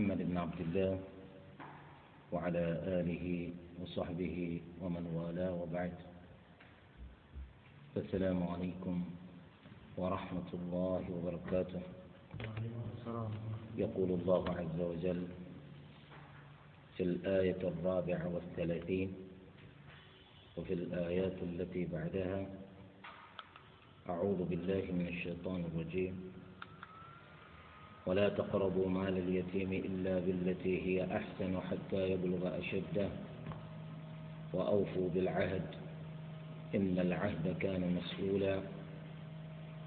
محمد بن عبد الله وعلى آله وصحبه ومن والاه وبعد السلام عليكم ورحمة الله وبركاته يقول الله عز وجل في الآية الرابعة والثلاثين وفي الآيات التي بعدها أعوذ بالله من الشيطان الرجيم ولا تقربوا مال اليتيم إلا بالتي هي أحسن حتى يبلغ أشده وأوفوا بالعهد إن العهد كان مسؤولا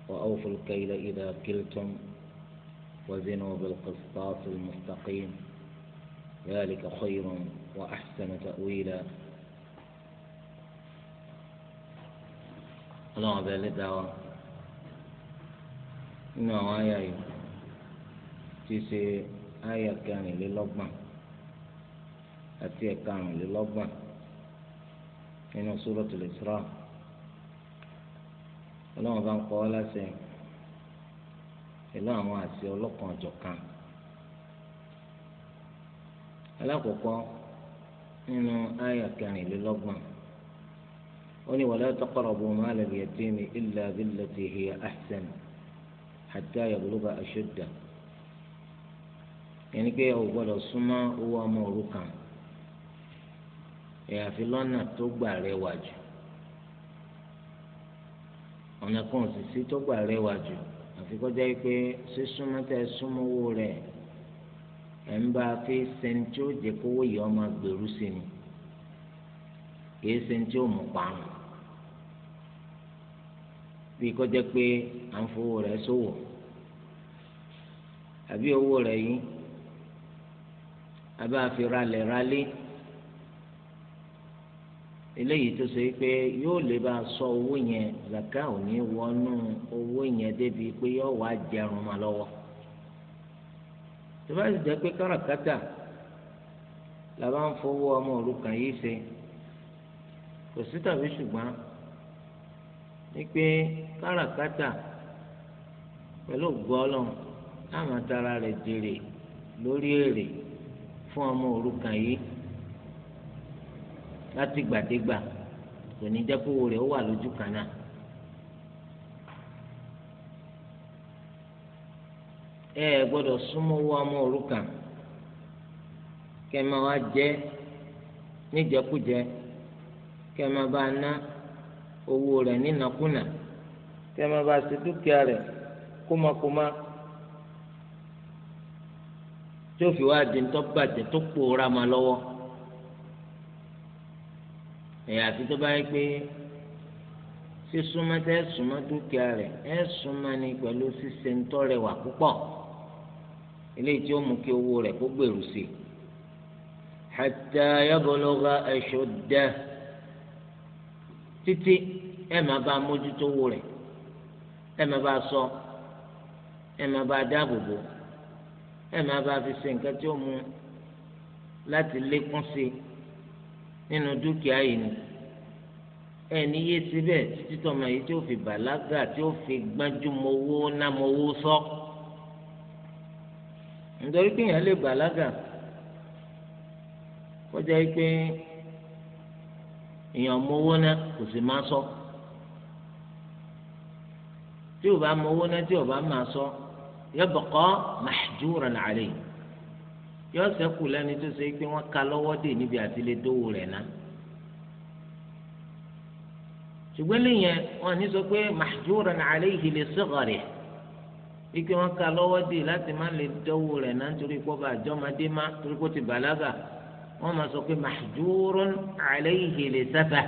وأوفوا الكيل إذا كلتم وزنوا بالقسطاس المستقيم ذلك خير وأحسن تأويلا الله بلدها نوايا يوم ti ṣe àyà kẹrìnlélọ́gbọ̀n àti ẹ̀karùnlélọ́gbọ̀n nínú Suratul Isra ọlọ́run bá ń kọ́ ọ láṣẹ pẹ̀lú àwọn àṣẹ ọlọ́kan ọ̀jọ̀kan alákọ̀ọ́kọ́ nínú àyà kẹrìnlélọ́gbọ̀n ó ní wala taqrabu malal yatimi illa billati hiya ahsan hatta yablugha ashuddahu. yẹn pé o gbọ́dọ̀ súnmọ́ owó ọmọ òrukàn ẹ àfi tó gbà rẹwà jù ọ̀nà kan sì tó gbà rẹwà jù àfi kọjá yìí pé tẹ ń bá a fi ó kówó yìí ọmọ gbèrú sí ni kìí ó mú parun bí kọjá àbá fi ralẹ̀ ralẹ̀ eléyìí tó ṣe pé yóò lè bá a sọ owó yẹn zaka ò ní wọnú owó yẹn débi pé yóò wá jẹun ma lọ́wọ́ tó bá sì jẹ́ pé káràkátà la bá ń fowó ọmọ òrukàn yìí ṣe kò sí tàbí ṣùgbọ́n wípé káràkátà pẹ̀lú gbọ́lọ́n táwọn atara rẹ̀ jèrè lórí èrè fún ọmọ òrukàn yìí láti gbàdégbà kò ní jẹ́ kówó rẹ̀ ó wà lójú kan náà. ẹ ẹ gbọ́dọ̀ súnmọ́ owó ọmọ òrukàn kẹ́ máa wá jẹ níjẹkújẹ kẹ́ máa bá ná owó rẹ̀ nínàkúnà kẹ́ máa bá ṣe dúkìá rẹ̀ kómakóma. Kuma tí ó fi wá di tó bàjẹ́ tó pòórá ma lọ́wọ́ ẹ̀yà àti tó bá yẹ pé sísúnmọ́ tẹ́ súnmọ́ dúkìá rẹ̀ ẹ̀ súnmọ́ ni pẹ̀lú ṣíṣe ń tọrẹwà púpọ̀ eléyìí tí ó mú kí owó rẹ̀ kó gbèrú sí i hatta yabologha ashuddah títí ẹ̀ máa bá mójútó owó rẹ̀ ẹ̀ máa bá sọ ẹ̀ máa bá dáàbò bò ẹ máa bá fi ṣe nǹkan tí ó mú láti lékún sí nínú dúkìá yìí ni ẹ níyé síbẹ̀ títí tọmọ yìí tí ó fi bàlágà tí ó fi gbájú mowó ná mowó sọ nítorí pé èèyàn lè bàlágà kọjá yìí pé èèyàn mowó ná kò sì máa sọ tí ò bá mowó ná tí ò bá máa sọ. So yabqa mahjuran alayhi yọ sẹ́kù lẹ́ni tó ṣe pé wọ́n ka lọ́wọ́ dè níbi àti lè dówó rẹ̀ ná ṣùgbọ́n lẹ́yìn wọn ní sọ pé mahjuran alayhi li sigharihi ike wọn ka lọ́wọ́ dè láti má lè dówó rẹ̀ ná nítorí pé ọba àjọmọdé má torí pé ti bàlágà wọn máa sọ pé mahjuran alayhi li safah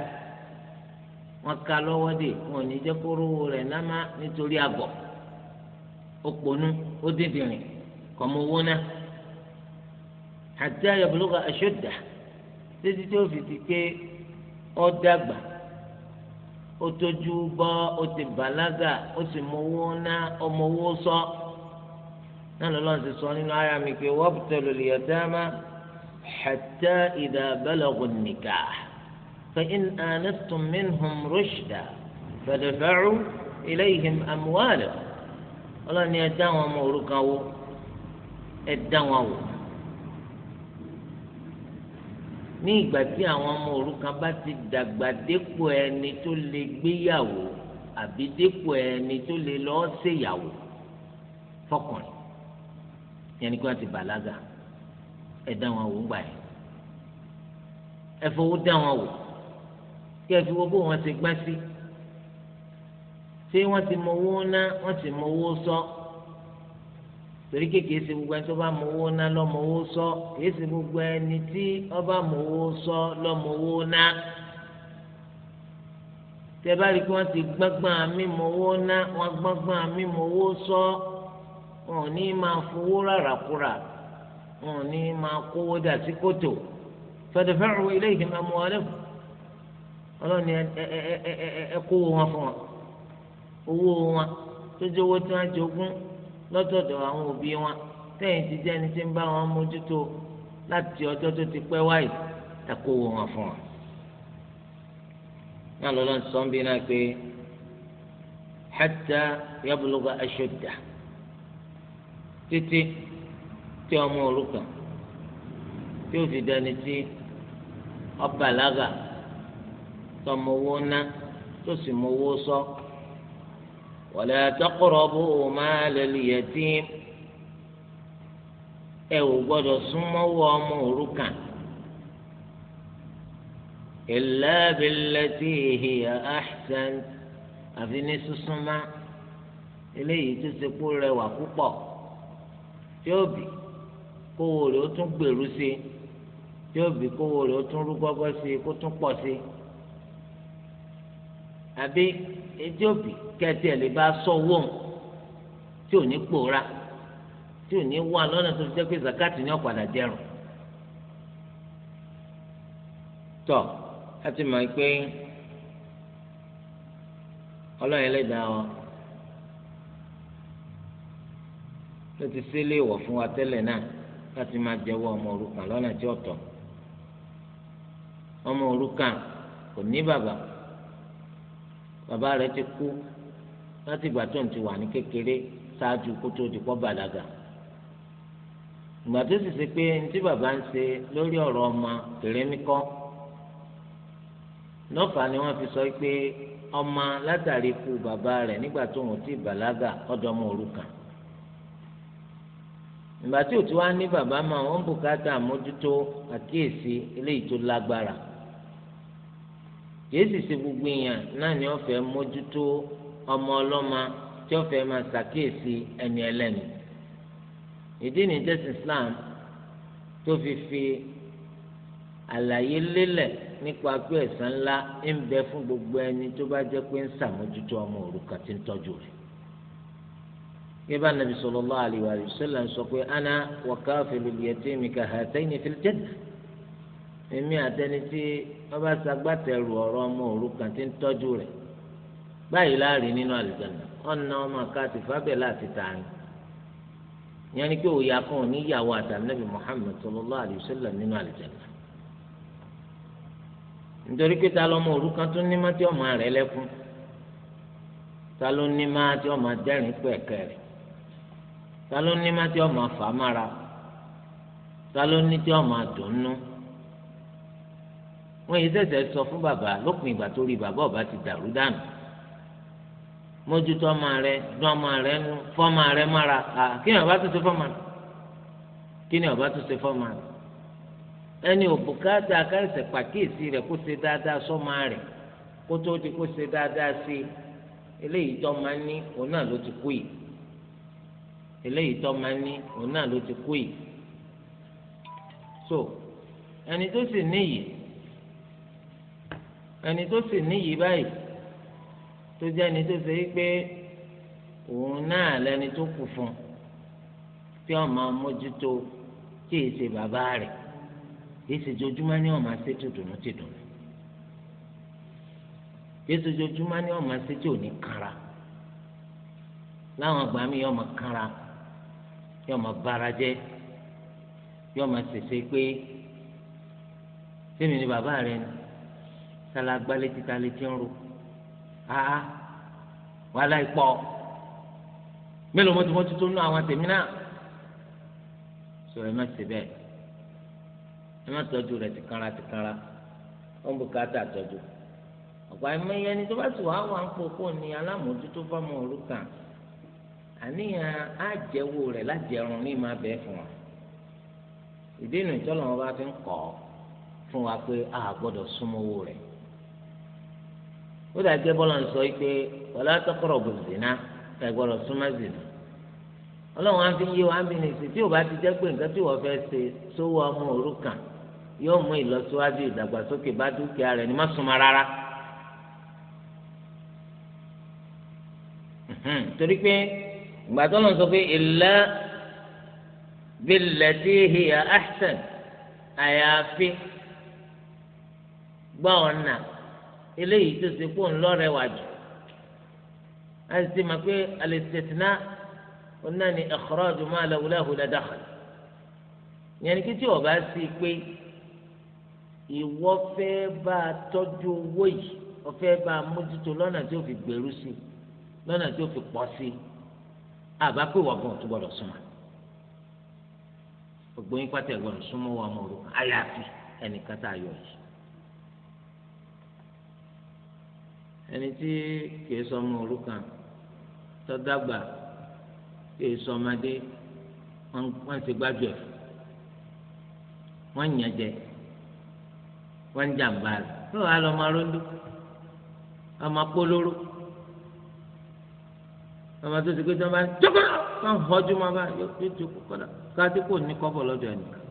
wọn ka lọ́wọ́ dè wọn ní jẹ́ kó rówó ná má nítorí àgọ̀. òpònú ó dídìrín kọmọ owó náà hatta yablugha ashudda títí tí ó fi ti pé ó dàgbà ó tójú bọ́ ó ti bàlágà ó sì mọ mọwó ná ọmọ owó sọ náà lọ́lọ́run ti sọ nínú ara mi pé wabtalul yatama hatta idha balaghu nikah فإن آنستم منهم رشدا فدفعوا إليهم أموالهم ọlọ́run ni ẹ dá àwọn ọmọ òrukàn wò ẹ dá wọn wò ní ìgbà tí àwọn ọmọ òrukàn bá ti dàgbà dépò ẹni tó lè gbéyàwó àbí dépò ẹni tó lè lọ́ọ́ ṣèyàwó fọkùnrin yẹn ni kí wọ́n ti bàlágà ẹ dá wọn wò ńgbà yẹn ẹ fowó dá wọn wò kí ẹ fi wo bó wọn ṣe gbá sí. Si ṣé wọ́n ti mọ owó ná wọ́n ti mọ owó sọ torí kékeré ṣe gbogbo ẹni tó bá mọ owó ná lọ́mọ owó sọ kìí ṣe gbogbo ẹni tí ọba mọ owó sọ lọ́mọ owó ná tẹ bá rí i pé wọ́n ti gbọ́ngbọ́n mímọ owó ná wọ́n gbọ́ngbọ́n mímọ owó sọ wọn ò ní máa fowó ráràkúrà wọn ò ní máa kówó dà sí kòtò fẹdẹfẹrù ilé ìgbìmọ̀ ọmọ ọlẹ́kùn ọlọ́ni ẹ kówó wọn fún wọn. owó wọn tó jẹ́ owó tí wọ́n jogún lọ́dọ̀dọ̀ àwọn òbí wọn tẹ̀yìn ti jẹ́ ẹni tí ń bá wọn mójútó láti ọjọ tó ti pẹ́ wáyé ẹ̀kọ́ owó wọn fún wọn. náà lọ́lọ́ sọ́nbí náà pé hatta yablugha ashudda títí tí ọmọ òrukàn tí ó fi dání tí ọba àlágà tọmọ owó ná tó sì sọ. So ولا تقربوا مال اليتيم ẹ ò gbọ́dọ̀ súnmọ́ wọ ọmọ òrukàn illa billati hiya ahsan àfi ní súnsúnmá eléyìí tó ṣe kó rẹwà púpọ̀ tí ó bì kówó rẹ̀ ó tún gbèrú sí tí ó bì kówó rẹ̀ ó tún rú gọ́gọ́ sí kó tún pọ̀ sí. Si. àbí ẹjọ́ bì kẹ́tì ẹ̀ lè bá tí ò ní pòórá tí ò ní wà lọ́nà tó fi jẹ́ pé zakati ní ọ̀padà jẹrùn. tọ́ a ti mọ̀ pé ọlọ́run ẹlẹ́dàá wọn ló ìwọ̀ fún wa tẹ́lẹ̀ náà láti ọmọ lọ́nà tí ọ̀tọ̀ ọmọ kò ní bàbá. bàbá rẹ̀ ti kú láti ìgbà tó ń ti wà ní kékeré ṣáájú kó tó di pọ́ bàlágà ìgbà tó sì ṣe pé ntí bàbá ń ṣe lórí ọ̀rọ̀ ọmọ tèrémí kọ́ lọ́fà ni wọ́n fi sọ pé ọmọ látàrí ikú bàbá rẹ̀ nígbà tó ń ti bàlágà ọ̀dọ́ ọmọ òrukàn ìgbà tí òtún wá ní bàbá máa wọ́n bùkátà àmójútó àkíyèsí eléyìí tó lágbára. kìí sì gbogbo èèyàn náà ni wọ́n mójútó ọmọ ọlọma tí wọ́n máa ṣàkíyèsí ẹni ìdí ni Islam tó fi fi àlàyé lélẹ̀ nípa pé ẹ̀san ńlá ń bẹ fún gbogbo ẹni tó bá pé ń ṣàmójútó ọmọ òrukàn tí ń sọ pé ana èmi àtẹni tí wọ́n bá ṣagbátẹrù ọrọ ọmọ òrukàn ti ń tọ́jú báyìí láàrin nínú àlùjáná ọ̀nà ọmọ ká ti fábẹ́ tààrin ìyẹn ni pé òòyà kan ní ìyàwó Muhammad sallallahu alayhi wa sallam nínú àlùjáná nítorí pé ta lọmọ òrukàn tó ní má tí ọmọ lẹ́kún ta ló ní má wọn yìí ṣẹ̀ṣẹ̀ sọ fún bàbá lópin ìgbà tó rí bàbá ọba ti dàrú dànù mójútó ọmọ rẹ dún ọmọ rẹ nú fọmọ rẹ mára kí ni ọba tó ṣe fọmọ rẹ kí ni ọba tó ṣe fọmọ rẹ ẹni òbúkátà akárẹsẹ pàkíyèsí rẹ kó ṣe dáadáa sọmọ rẹ kó tó di kó ṣe dáadáa sí eléyìí tó máa ní òun náà ló ti kú yìí eléyìí tó máa ní òun náà ló ti kú yìí so ẹni tó sì níyìí ẹni tó sì níyì báyìí tó jẹ́ ẹni tó ṣe é pé òun náà lẹni tó kù fún un tí wọ́n máa mójútó tí èyí ṣe bàbá rẹ̀ èyí ṣe jojúmọ́ ni wọ́n ṣe tó dùnú ti dùnú èyí ṣe jojúmọ́ ni wọ́n ṣe tí ò ní kára láwọn àgbà mi yọ máa kára yọ máa bára yọ máa ṣèṣe pé sẹ́mi ni bàbá rẹ̀ ni tala gbalẹ̀ ti ta lè ti ń ro aa wàhálà ìpọ̀ mélòó mọ́tòmọ́tò tó nú àwọn tèmi náà sọ ẹ má ṣe bẹ́ẹ̀ ẹ má tọ́jú rẹ̀ tìkanra tìkanra ó ń bùkátà tọ́jú ọ̀pọ̀ àìmọye ẹni tó bá sì wá wà ń pokó ni alámòójútó fọmọ òrukàn àníyàn àjẹwò rẹ̀ lájẹrun ní ìmọ̀ abẹ́ fún wa ìdí ìnù ìtọ́lọ́wọ́n bá fi ń kọ́ fún wa pé a gbọ́dọ̀ súnmọ́ owó rẹ̀ ó dà gẹ́ bọ́lá ń sọ pé wala taqrabu zina ẹ gbọ́dọ̀ súnmọ́ zina ọlọ́run á fi yé wa bí nìsí tí o bá ti jẹ́ pé nǹkan tí wọ́n fẹ́ ṣe sówó ọmọ òrukàn yóò mú ìlọsíwájú ìdàgbàsókè bá dúkìá rẹ̀ ní má súnmọ́ rárá. torí pé ìgbà tó lọ sọ pé illa billati hiya ahsan àyàfi gbọ́ eléyìí tó ṣe pò ń lọ́rẹ̀wà jù a sì máa pé alẹ́sẹ̀tìná ọ̀nà ni ẹ̀kọ́rọ́jù máa lẹ́wọ́lẹ́hù lẹ́dàkàn yẹn ni kí tí ọba sí i pé ìwọ fẹ́ bá a tọ́jú owó yìí ọfẹ́ bá a mójútó lọ́nà tí ó fi gbèrú sí i lọ́nà tí ó fi pọ̀ sí i àbá pé wọ́n gan tó gbọ́dọ̀ súnmọ́ gbogbo yín pátá ẹ̀ súnmọ́ wọn mọ̀ ọ́ àyàfi ẹnìkan tá a yọ yìí. ẹni tí kìí sọmọ òrukàn tọ́dàgbà kìí sọmọdé wọ́n ti gbájú ẹ̀ wọ́n yàn jẹ wọ́n jàǹbá rẹ̀ tó wàá lọ ọmọ rondo ọmọ polówó ọmọ tó ti pé tó ń bá ń jókòó tó ń họjú máa bá yóò jókòó kọ́dà káàtì kò ní kọ́bọ̀ lọ́dọ̀ ẹ̀ nìkan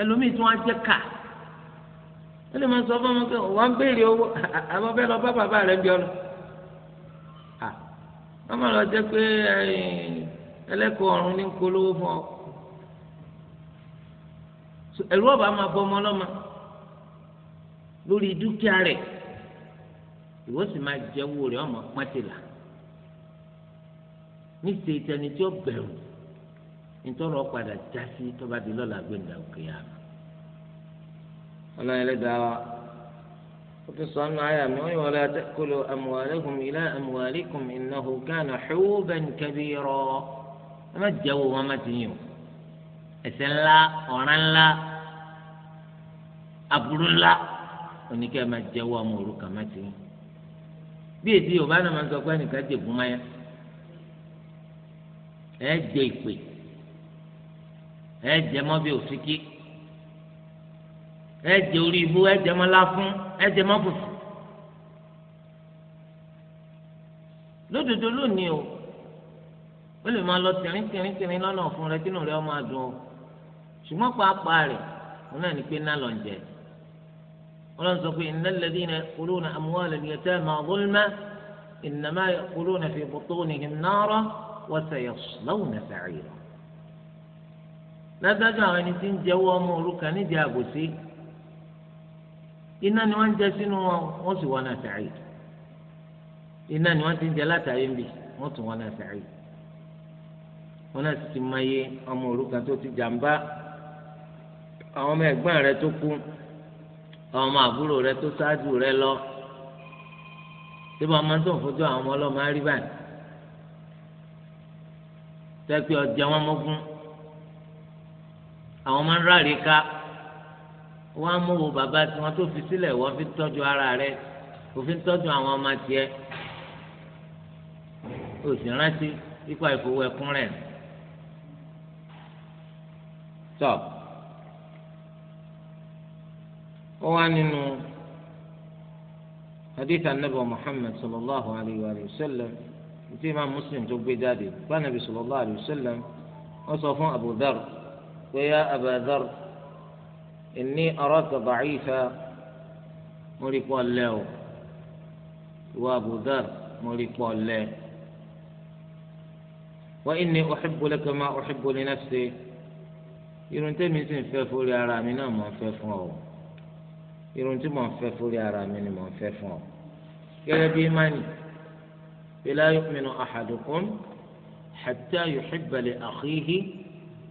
ẹlòmíì tí wọ́n á jẹ́ káà wọ́n lè máa sọ fún ọmọ pé wọ́n ń béèrè owó àwọn fẹ́ lọ bá bàbá rẹ̀ bí ọlọ. wọ́n máa lọ jẹ́ pé ẹlẹ́kọ̀ọ́ ọ̀run ní polówó fún ọ. ẹ̀rú ọ̀bà máa bọ ọmọ ọlọ́mọ lórí dúkìá rẹ̀ ìwọ sì máa jẹ́wọ́ rẹ̀ ọmọ pátìlà níṣẹ́ ìtẹni tí ó bẹ̀rù nítorí ọ̀ padà já sí tó di lọ́la gbẹ̀ndà yàrá ọlọ́run ẹlẹ́dàá wa ó tún sọ ọ́nà àyà mi wọ́n la ta'kulu amwalakum ila amwalikum innahu kana huban kabira ẹ má jẹ́wọ́ wọn má ti yàn ẹ̀ṣẹ̀ ńlá ọ̀ràn ńlá aburú ńlá oníkẹ́ má jẹ́wọ́ ọmọ òrukàn má ti yàn bí èdè yorùbá náà máa sọ pé ẹnìkan jẹ̀bú máyà ẹ̀ jẹ́ ìpè ẹ̀ jẹ́ mọ́ bí òsíkí ẹ jẹ orí ibú ẹ jẹ mọlá fún ẹ jẹ mọbùsù lódodo lónìí o ó lè máa lọ tìrín tìrín tìrín lọ́nà ọ̀fun rẹ kínú rẹ ọmọ àdùn o ṣùgbọ́n pàápàá rẹ wọn náà ní pé ná lọ ń jẹ wọn sọ pé innal ladhina ya'kuluna amwala al-yatama zulman innama ya'kuluna fi butunihim nara wa sayaslawna sa'ira lọ́dọ́dọ́ àwọn ẹni tí ń jẹ́wọ́ ọmọ òrukàn nídìí àbòsí iná ni wọ́n ń jẹ sínú wọn wọ́n sì wọ́n náà sàárì iná ni wọ́n ti ń jẹ látàrí ń bì wọ́n tún wọ́n náà sàárì wọ́n náà sì ti máa yé ọmọ òrukàn tó ti jàǹbá àwọn ọmọ ẹ̀gbọ́n rẹ tó kú àwọn ọmọ àbúrò rẹ tó ṣáájú rẹ lọ síbi ọmọ tó ń fojú àwọn ọmọ ọlọ́mọ á rí báyìí tẹ́ ọjà wọn mọ́gún àwọn ọmọ ń rárí ká wọ́n á mú wo bàbá tí wọ́n tó fi sílẹ̀ wọ́n fi tọ́jú ara rẹ̀ kò fi tọ́jú àwọn ọmọ tiẹ̀ o sì rántí ikú àìfowó ẹkún rẹ̀ tọ́ ó wá nínú hadith anabi muhammad sallallahu alayhi wa sallam tí imam muslim tó gbé jáde gbanabi sallallahu alayhi wa sallam ó sọ fún abu dhar pé yá abu dhar. إني أراك ضعيفا مولي الله وأبو ذر مولي الله وإني أحب لك ما أحب لنفسي irun tẹ́mi sì ń fẹ́ fúri ara mi náà mò ń fẹ́ fún ọ irun tí mò ń fẹ́ fúri ara mi ni mò ń fẹ́ fún ọ gẹ́gẹ́ bí imáni la yu'minu ahadukum hatta yuhibba li akhihi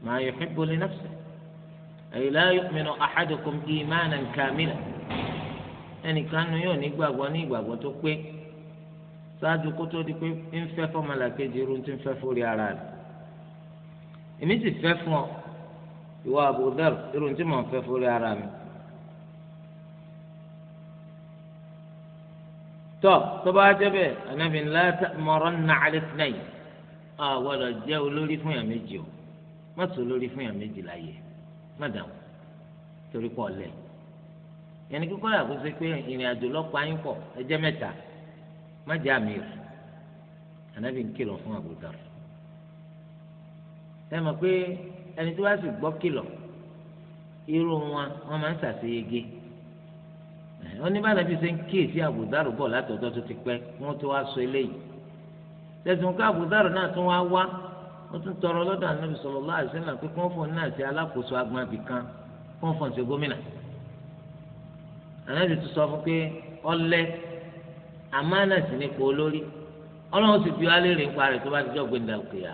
ma yuhibbu li nafsihi. èyí la yu'minu ahadukum imanan kamila ẹnìkan nu yóò ní gbàgbọ́ ní ìgbàgbọ́ tó pé ṣáájú kó tó di pé ń fẹ́ fọ́mọlà kejì irun tí ń fẹ́ fórí ara rẹ̀ èmi sì fẹ́ fún ọ ìwọ Abu Dharr irun tí mò ń fẹ́ fórí ara mi. tọ́ tó bá jẹ́ bẹ́ẹ̀ Ànábì la ta'muranna 'ala ithnayn àwọn ọ̀dọ̀ jẹ́ olórí fún yàn méjì o má sọ olórí fún yàn méjì láyé má dà wọ́n torí pọ̀ lẹ̀ yẹn ní kíkọ́ yàgò ṣe pé ìrìn àjò lọ́pàá yín pọ̀ ẹ jẹ́ mẹ́ta má jẹ́ àmì rẹ̀ ànábì ń kìlọ̀ fún àbùdá rẹ̀ ẹ mọ̀ pé ẹni tó bá sì gbọ́ kìlọ̀ irú wọn wọn máa ń ṣàṣeyege wọn ní bàtà fi ṣe ń kíyèsí àbùdárò bọ̀ látọ̀dọ̀ tó ti pẹ́ wọn tó wá sọ eléyìí tẹ̀sùn ká àbùdárò náà tún wá wá ó tún tọrọ lọ́dọ̀ ànábì sallallahu alaihi wasallam pé kọ́ńfọ̀ náà ṣe alákòóso agbábì kan kọ́ńfọ̀ ṣe gómìnà ànábì tún sọ fún pé ọlẹ́ àmánà sì nípa olórí ọlọ́run sì fi wá léèrè ń parẹ́ tó bá ti jọ́ gbẹ̀ndà òkè yà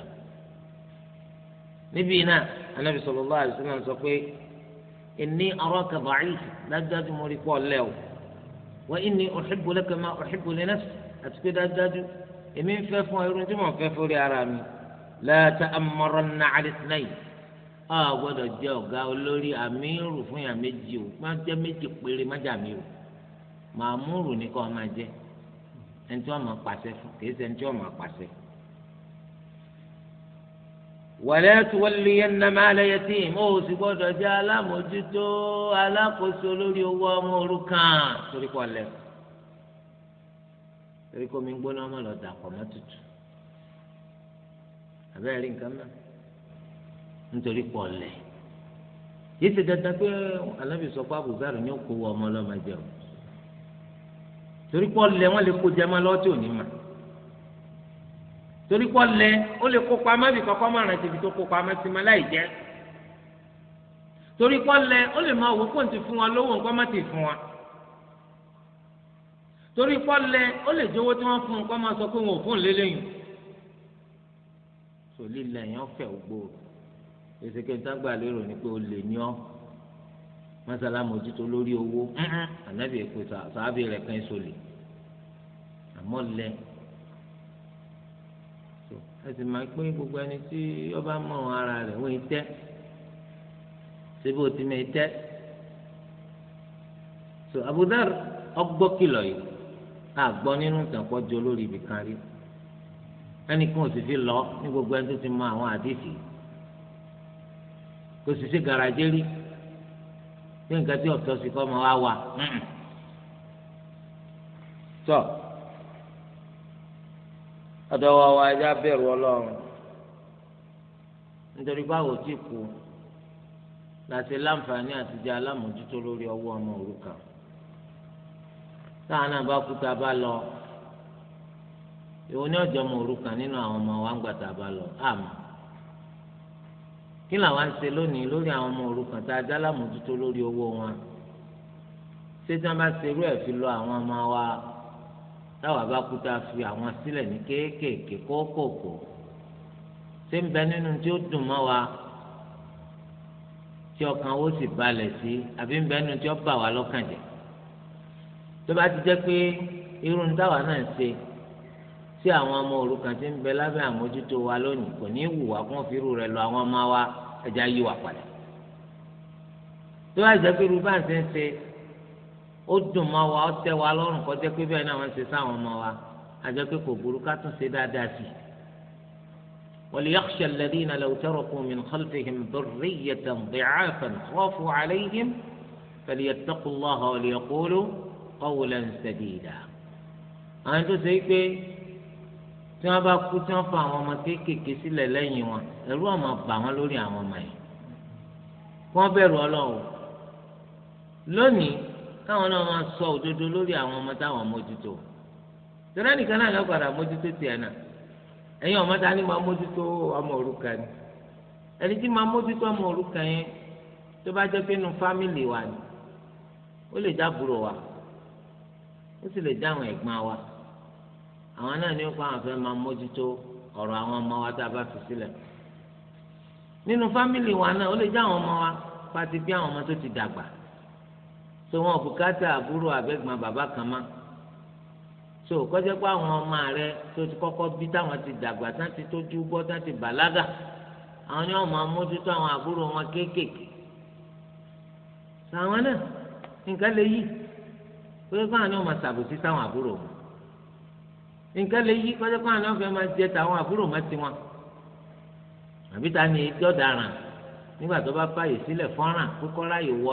níbí náà ànábì sallallahu alaihi wasallam sọ pé inni araka da'if dájúdájú mo rí pọ̀ lẹ́ o wa inni uhibbu láta amọ̀rànà àdìsínàì a gbọ́dọ̀ jẹ́ ọ̀gá olórí àmírù fún yà méjì o má jẹ́ méjì péré má jà mí o màmúrù ni kò máa jẹ́ ẹni tí wọ́n máa pàṣẹ fún kì í ṣe ẹni tí wọ́n máa pàṣẹ. wàlẹ́ tuwọ́lì yẹn nà má lẹ́yẹ tí ì mọ́ òsì gbọ́dọ̀ jẹ́ alámòjútó alákòóso lórí owó ọmọ òrukàn torí kò lẹ́kọ̀ọ́ torí kò mí gbóná ọmọ lọ́dà kọ̀ mọ́ tutù àbẹ́rẹ́ rí nǹkan náà nítorí pọ̀ lẹ̀ yìí ti dandan pé alábì sọ pé abuzari ni ó kó wọ ọmọ ọlọ́mọ jẹ o torí pọ̀ lẹ̀ wọ́n lè kó jẹmọ́ lọ́wọ́ tí ò torí pọ̀ lẹ̀ ó lè kó pamọ́ bí kọ́kọ́ máa rántí ibi tó kó pamọ́ sí ma láì jẹ́ torí pọ̀ lẹ̀ ó lè máa wò kó n ti fún wa lówó nǹkan má ti fún wa torí pọ̀ lẹ̀ ó lè jówó tí wọ́n fún nǹkan máa sọ pé wọn ò fún lélẹ́yìn tó lílẹ̀ yẹn fẹ̀ gbòòrò èsèké tágbà lérò ni pé o lè ní ọ mọ́sálá mójútó lórí owó ànábì èkó sàábì rẹ̀ kan èso lè àmọ́ lẹ ẹ sì máa pín gbogbo ẹni tí ọba mọ̀ ara rẹ̀ wọ́n tẹ́ síbi ó ti mẹ́ tẹ́ so Abu Dharr ọgbọ́ kìlọ̀ yìí àgbọ́ nínú ìtàn kọjú olórí ibìkan rí. So, ẹnìkan ò sì fi lọ ní gbogbo ẹni tó ti mọ àwọn àdìsí kò sì sí garaje rí tí nǹkan tí ọ̀tọ̀ sí kọ́ máa wá wà tọ́ ọ̀dọ̀ wa wa ẹja bẹ̀rù ọlọ́run nítorí báwo tí kú láti láǹfààní àtijọ́ alámòjútó lórí ọwọ́ ọmọ òrukàn táwọn náà bá kú tá a bá lọ ìwọ ní ọjọ́ mọ òrukàn nínú àwọn ọmọ wa ń gbà tá a bá lọ àmọ́ kí làwọn ṣe lónìí lórí àwọn ọmọ òrukàn tá a já lámòjútó lórí owó wọn ṣé tí wọn bá ṣe irú ẹ̀ fi lọ àwọn ọmọ wa táwa bá kú tá a fi àwọn sílẹ̀ ní kéékèèké kókòkò ṣé ń bẹ nínú tí ó dùn mọ́ wa tí ọkàn ó sì balẹ̀ sí àbí ń bẹ nínú tí ó bà wá lọ́kàn jẹ́ tó bá ti jẹ́ pé irun táwa náà ṣe tí àwọn ọmọ òrukàn ti ń bẹ lábẹ́ àmójútó wa lónìí kò ní í wù wá fún fírú rẹ lọ àwọn ọmọ wa ẹja yí wa padà tó wá jẹ́ pé irú bá ń ṣe ń ṣe ó dùn mọ́ wa ó tẹ́ wa lọ́rùn kọjá pé bẹ́ẹ̀ náà wọ́n ń ṣe sáwọn ọmọ wa àjọ pé kò burú ká tún ṣe dáadáa sí i. وليخشى الذين لو تركوا من خلفهم ذرية ضعافا خافوا عليهم فليتقوا الله وليقولوا قولا سديدا أنت سيكي tí wọ́n bá kú tí wọ́n fa àwọn ọmọ kéékèèké sílẹ̀ lẹ́yìn wọn ẹ̀rù ọmọ bà wọ́n lórí àwọn ọmọ yìí kí wọ́n bẹ̀rù Ọlọ́run lónìí káwọn náà máa sọ òdodo lórí àwọn ọmọ táwọn mójútó tẹ́lẹ̀ nìkan náà lọ́kọ̀dà mójútó tiẹ̀ náà ẹ̀yin ọmọ ta ni máa mójútó ọmọ òrukàn ni ẹni tí máa mójútó ọmọ òrukàn yẹn tó bá jẹ́ pé inú fámìlì wa ni ó lè já àbúrò wa ó sì lè já àwọn ẹ̀gbọ́n wa àwọn náà ní kó àwọn fẹ́ máa mójútó ọ̀rọ̀ àwọn ọmọ wa tá a bá fi sílẹ̀ nínú fámìlì wa náà ó lè jẹ́ àwọn ọmọ wa pàtí bí àwọn ọmọ tó ti dàgbà tó wọn bùkátà àbúrò àbẹ́gbọ́n bàbá kan má tó kọjá pé àwọn ọmọ rẹ tó ti kọ́kọ́ bí táwọn ti dàgbà tán ti tójú bọ́ tán ti bàlágà àwọn ni wọn máa mójútó àwọn àbúrò wọn kéékèèké sàwọn náà nǹkan lè yí pé káwọn ni wọn máa ṣàbòsí sáwọn àbúrò wọn nǹkan lè yí kọjá kó àwọn ọ̀fẹ́ máa jẹ tàwọn àbúrò má ti wọn àbí ta ni ètò ọ̀daràn nígbà tó bá fàyè sílẹ̀ fọ́nrán kókó ráyè wọ